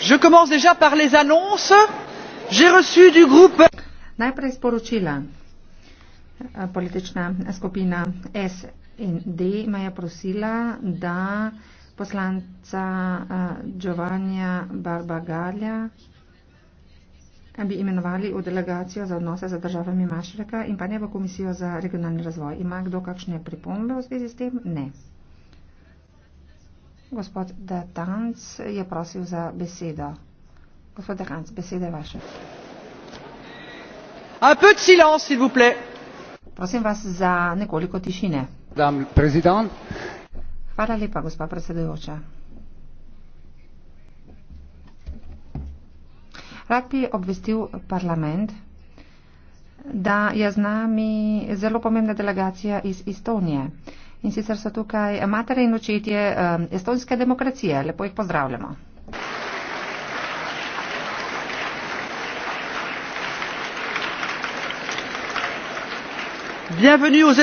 je commence déjà par les annonces j'ai reçu du groupe Najprej sporočila. Politična skupina SND me je prosila, da poslanca Giovanja Barbagalja bi imenovali v delegacijo za odnose za državami Mašreka in pa ne v komisijo za regionalni razvoj. Ima kdo kakšne pripombe v zvezi s tem? Ne. Gospod Detanc je prosil za besedo. Gospod Detanc, beseda je vaša. Un peu de silence, s'il vous plaît. Prosim vas za nekoliko tišine. Madame la présidente. Hvala lepa, gospod predsedujoča. Rad bi obvestil parlament, da je z nami zelo pomembna delegacija iz Estonije. In sicer so tukaj matere in očetje um, estonske demokracije. Lepo jih pozdravljamo. Bienvenue aux